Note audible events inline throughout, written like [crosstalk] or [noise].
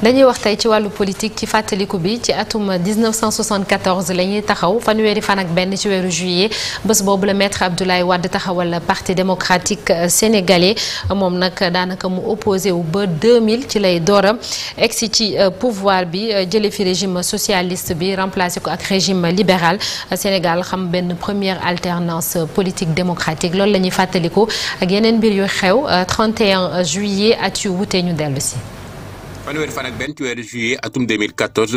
dañuy wax tey ci wàllu politique ci fàttaliku bi ci atum 1974 la ñuy taxaw fanweeri fan ak benn ci weeru juillet bés boobu la maître Abdoulaye Wade taxawal parti démocratique sénégalais moom nag daanaka mu opposé wu ba 2000 ci lay doora egsi ci euh, pouvoir bi euh, jële fi régime socialiste bi remplacé ko ak régime libéral Sénégal xam benn première alternance politique démocratique loolu la ñuy fàttaliku ak yeneen mbir yu xew 31 euh, juillet at yu wute ñu dellu si. fanweeri fan ak benn ci weeru juillet atum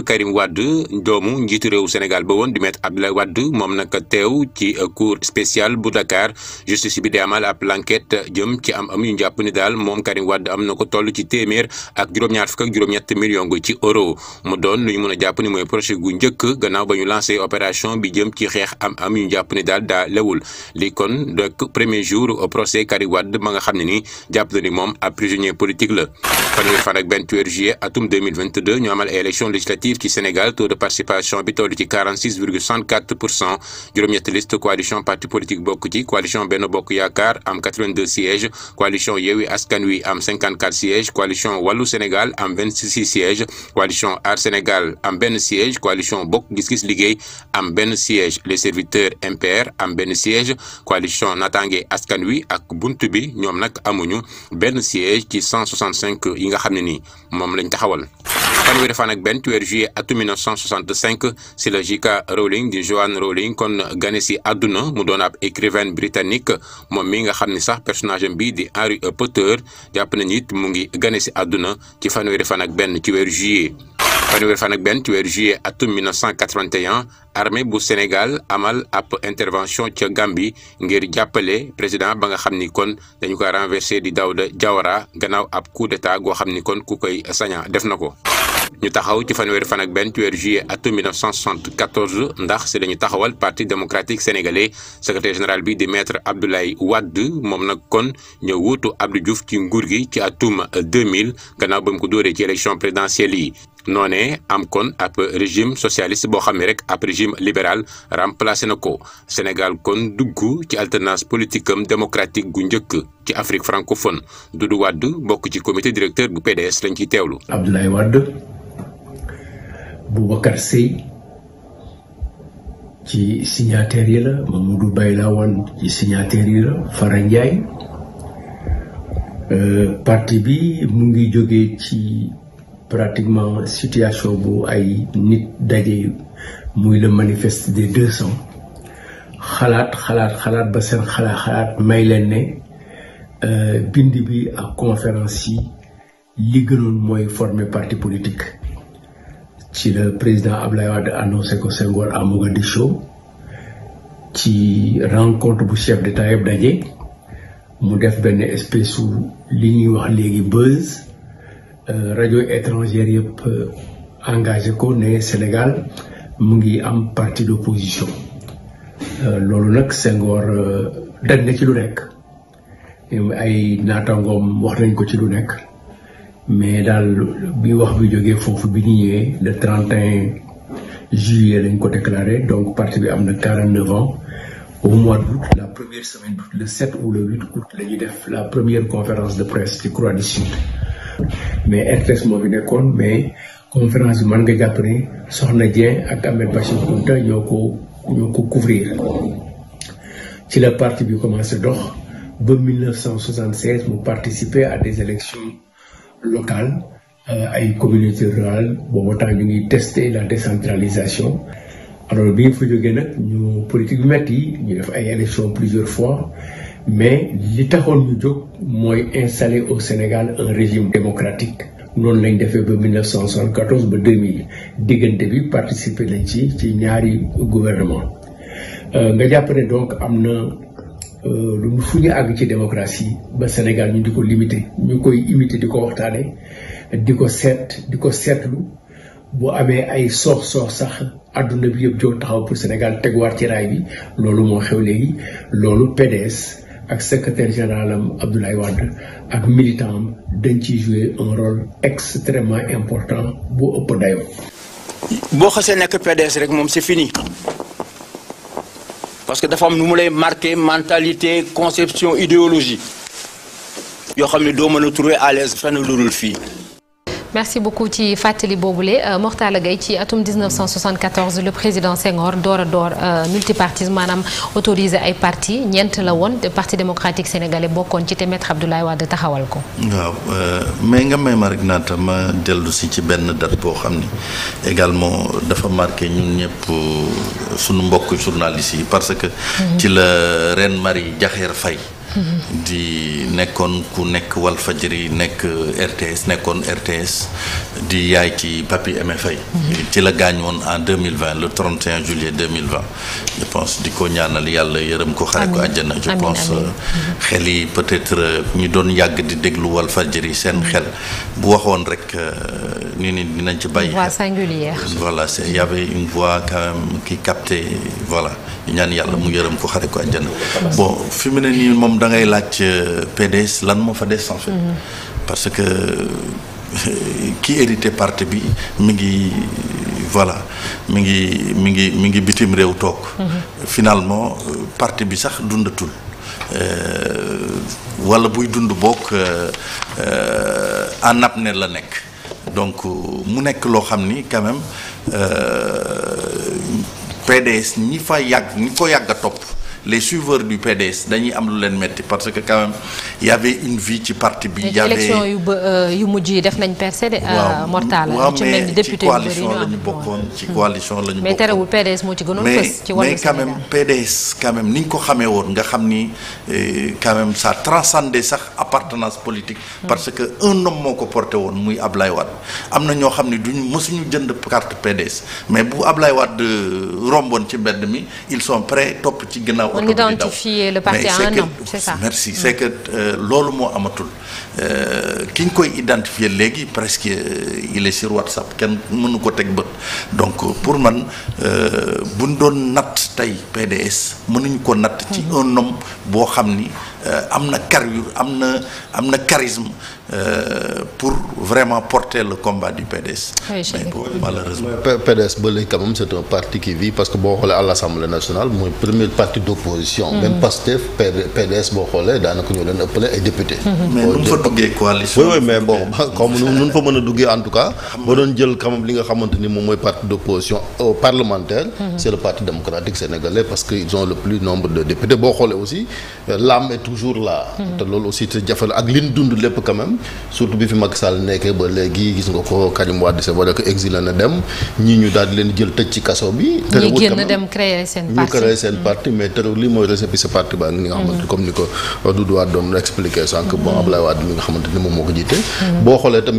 Karim Wade doomu njiitu réew Sénégal ba woon di maître Abdoulaye Wade moom nag teew ci cour spéciale bu Dakar justice bi di amal ab l'enquête jëm ci am am yu jàpp ni daal moom Karim wadd am na ko toll ci téeméer ak juróom-ñaar fukk ak juróom-ñett million gu ci euro mu doon lu ñu mën a jàpp ni mooy projet gu njëkk gannaaw ba ñu lancé opération bi jëm ci xeex am am yu jàpp ni daal daa lewul li kon donc premier jour procès Karim Wade ma nga xam ne ni jàpp na ni moom ab prisonnier politique la juillet atum 2022 ñu amal ay élection législative ci Sénégal taux de participation bi toll ci 46 virgule 64 pour cent juróom-ñetti liste coalition parti politique bokk ci coalition Benno Bokk Yaakaar am 82 sièges coalition Yewwi Askan Wi am 54 sièges coalition Wallu Sénégal am 26 sièges coalition Aar Sénégal am benn siège coalition Bokk Gis Gis am benn siège les serviteurs MPR am benn siège coalition Natangué Askan Wi ak Bunt Bi ñoom nag amuñu benn siège ci 165 yi nga xam ne nii moom moom lañ taxawal fanweeri fan ak benn ci weeru juillet atum 1965 si la J.K. Rowling di Joanne Rowling kon gane si àdduna mu doon ab écrivaine britannique moom mi nga xam ni sax personagem am bii di Harry Potter jàpp nañ it mu ngi gane si àdduna ci fanweeri fan ak benn ci weeru juillet. fanweeri fan ak benn ci weer juillet atum 1981 armée bu Sénégal amal ab intervention ca Gambie ngir jàppale président ba nga xam ni kon dañu ko renversé di Dawda Jawara gannaaw ab coup d'état goo xam ni kon ku koy saña def na ko. ñu taxaw ci fanweeri fan ak benn ci weer juillet atum 1974 ndax si dañu taxawal parti démocratique sénégalais secrétaire général bi di maître Abdoulaye Wade moom nag kon ñëw wuutu Abdou Diouf ci nguur gi ci atum 2000 gannaaw ba mu ko dóoree ci élection présidentielle yi. noonee am kon ab régime socialiste boo xam ne rek ab régime libéral remplacé na ko Sénégal kon dugg ci alternance politikam am démocratique gu njëkk ci Afrique francophone Doudou Wade bokk ci comité directeur bu PDS lañ ciy teewlu. Abdoulaye Wade Boubacar Sèye ci signataires yi la Mamadou Bayla Wane ci signataires yi la Fara Ndiaye euh, bi mu ngi jógee ci. pratiquement situation bu ay nit daje muy le manifeste des deux cents xalaat xalaat xalaat ba seen xalaat xalaat may leen ne euh, bind bi ak conférence yi li gënoon mooy forme parti politique ci le président Ablaye Wade annoncé ko Senghor à Mogadiscio ci rencontre bu chef d'état yëpp daje mu def benn espèce li ñuy wax léegi buzz Euh, rajo étrangère yëpp euh, engagé ko ne Sénégal mu ngi am parti d'opposition euh, loolu nag Senghor daj na ci lu nekk ay naataangoom wax nañ ko ci lu nekk mais daal bi wax bi jógee foofu bi ñu ñëwee le 31 juillet lañ ko déclaré donc parti bi am na 49 ans au mois d'août la première semaine d'août le 7 ou le 8 août la ñuy def la première conférence de presse ci Croix du Sud. mais RTS moo fi nekkoon mais conférence bi mën nga jàpp ne Soxna Dieng ak Ahmed Bachir Kounta ñoo ko couvrir ci la parti bi commencé dox ba 1976 mu participer à des élections locales euh, ay communautés rurales boobu temps ñu ngi tester la décentralisation alors bi ñu fa jógee nag ñu politique yu métti yi ñu def ay élections plusieurs fois mais li taxoon ñu jóg. mooy installer au Sénégal un régime démocratique noonu lañ defee ba 1974 ba 2000 diggante bi participer nañ ci ci ñaari gouvernement euh, nga jàpp donc am na euh, lu àgg ci démocratie ba Sénégal ñu di ko limité ñu koy imité di ko waxtaane di ko seet di ko seetlu bu amee ay soox soox sax àdduna bi yëpp jóg taxaw pour Sénégal teguwaat ci raay bi loolu moo xew léegi loolu PDS ak secrétaire général am Abdoulaye Wade ak militant dañ ciy jouer un rôle extrêmement important bu ëpp dayoo. boo xasee nekk PDS rek moom c'est fini parce que dafa am nu mu lay marqué mentalité conception idéologie yoo xam ne doo mën a trouver à l'aise fenn lu dul fii. merci beaucoup ci fàttali boobule euh, Mortala Gaye ci atum 1974 le président Senghor door a door euh, multipartisme maanaam autorisé ay parti ñeent la woon te parti démocratique sénégalais bokkoon ci te maître Abdoulaye Wade taxawal ko. waaw euh, mais nga may ma rek naata ma dellusi ci benn date boo xam ne également dafa marqué ñun ñëpp sunu mbokk journalistes yi parce que. Mm-hmm. ci la ren Marie Diakher Faye. di nekkoon ku nekk Walfadjri nekk RTS nekkoon RTS di yaay ci Papi Aimé mhm. ci la gaañ woon en 2020 le 31 juillet 2020 je pense di ko ñaanal yàlla yërëm ko xare ko àjjana je pense euh, xel yi peut-être euh, ñu doon yàgg di déglu Walfadjri seen mhm. xel bu waxoon rek euh, ni ni dinañ ci bàyyi voilà c'est y avait une voix quand même qui captait voilà ñaan yàlla mu yërëm ko xare ko àjjana bon fi mu moom da ngay laaj euh, PDS lan moo fa des en fait. Mhm. parce que euh, ki hérité parti bi mi ngi voilà mi ngi mi ngi mi ngi bitim réew toog. Mhm. finalement euh, parti bi sax dundatul. wala buy dund bokk en apnée la nekk donc mu nekk loo xam ni quand PDS ñi fa yàgg ñi ko yàgg topp. les suiveurs du PDS dañuy am lu leen metti parce que quand même y une vie ci parti bi. y avait élection yu ba euh, yu mujj yi def nañ percé de. Euh, mortal ci mel ni mais la ñu bokkoon ci hmm. coalition la ñu bokkoon mais terewul PDS moo ci gënoon fës. ci wàllu Sénégal mais mais ko xamee woon nga xam ni euh, quand même ça transcendait sax appartenance politique. Hmm. parce que un homme moo ko porté woon muy Ablaye Wade am na ñoo xam ne duñu mësuñu jënd carte PDS mais bu Ablaye Wade romboon ci mbedd mi ils sont prêts topp ci ginnaaw. on identifie le parti à un homme c'est ça merci c'est que euh, loolu moo amatul euh, ki ñu koy identifier léegi presque euh, il est sur WhatsApp kenn mënu ko teg bët donc pour man bu ñu doon natt tey PDS mënuñu ko natt ci hmm. un homme boo xam ni Euh, am na carrure am na am na charisme euh, pour vraiment porter le combat du PDS. PDS ba léegi quand un parti qui vit parce que boo xoolee à l' nationale mooy premier parti mm-hmm. d' opposition. même PDS boo xoolee daanaka ñoo leen ëppale ay député. Mm-hmm. mais nu fa duggee coalition. oui mais bon [laughs] comme nu mu fa mën a duggee en tout cas. ba doon jël quand li nga xamante ni moom mooy parti d' euh, parlementaire. Mm-hmm. c' le parti démocratique sénégalais parce que ont le plus nombre toujours là. te loolu aussi te jafe ak li ñu dund lépp quand surtout bi fi Macky nekkee ba léegi gis nga ko Karim Wade c'est vrai que exilé na dem ñii ñu daal leen jël tëj ci kaso bi. terewul ñu génn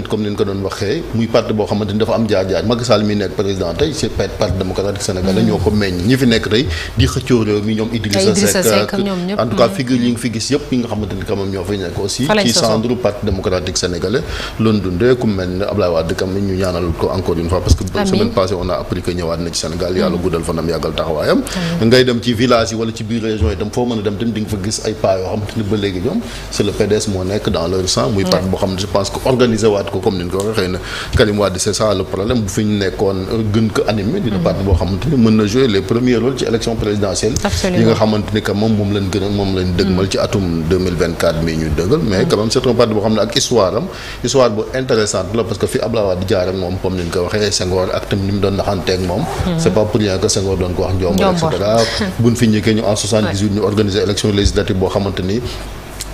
mhm. mhm. mhm. muy parti boo xamante dafa am jaar jaar Macky mi nekk président tey c'est parti démocratique sénégalais ñoo ko meññ ñi fi nekk tey di xëccoo mi ñoom Idrissa Seck en tout cas figure yi ngi fi activistes yëpp yi nga xamante ni ñoo fay nekk aussi ci centre parti démocratique sénégalais loolu dundee ku mel ne Ablaye Wade kam ñu ñaanal ko encore une fois parce que semaine passée on a appris que ñëwaat na ci Sénégal yàlla mm. guddal fanam yàggal taxawaayam ngay dem ci village yi wala ci biir région yi itam foo mën a dem tamit fa gis ay paa yoo ba léegi ñoom c'est le PDS moo nekk dans leur sang muy parti mm. boo xam ne que organiser waat ko atum 2024 ñu dëggal mais quand même c'est boo xam ne ak histoire am histoire bu intéressante la parce que fi Abdoulaye Wade jaar ak moom comme ni ñu ko waxee Senghor ak tam ni mu doon naxanteeg moom hmm. c'est pas pour rien que doon ko wax njombor et njëkkee ñu en 78 ñu organiser élection législative boo xamante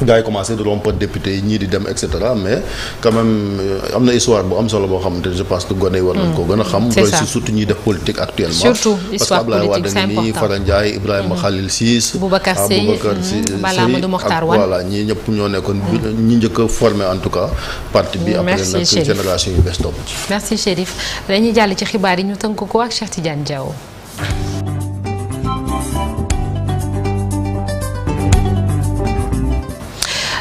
gars yi commencé di rompre député yi ñii di dem et mais quand euh, am na histoire bu am solo boo xamante ne je pense que gone yi war nañ mm. ko gën a xam roy si surtout ñuy def politique actuellement surtout histoire politique c'est important mm. ah, mm, ñëpp ñoo nekkoon ñi njëkk a formé en tout cas parti bi après nag génération yu bees topp ci merci Chérif dañuy jàll ci xibaar yi ñu tënk ko ak Cheikh Tidiane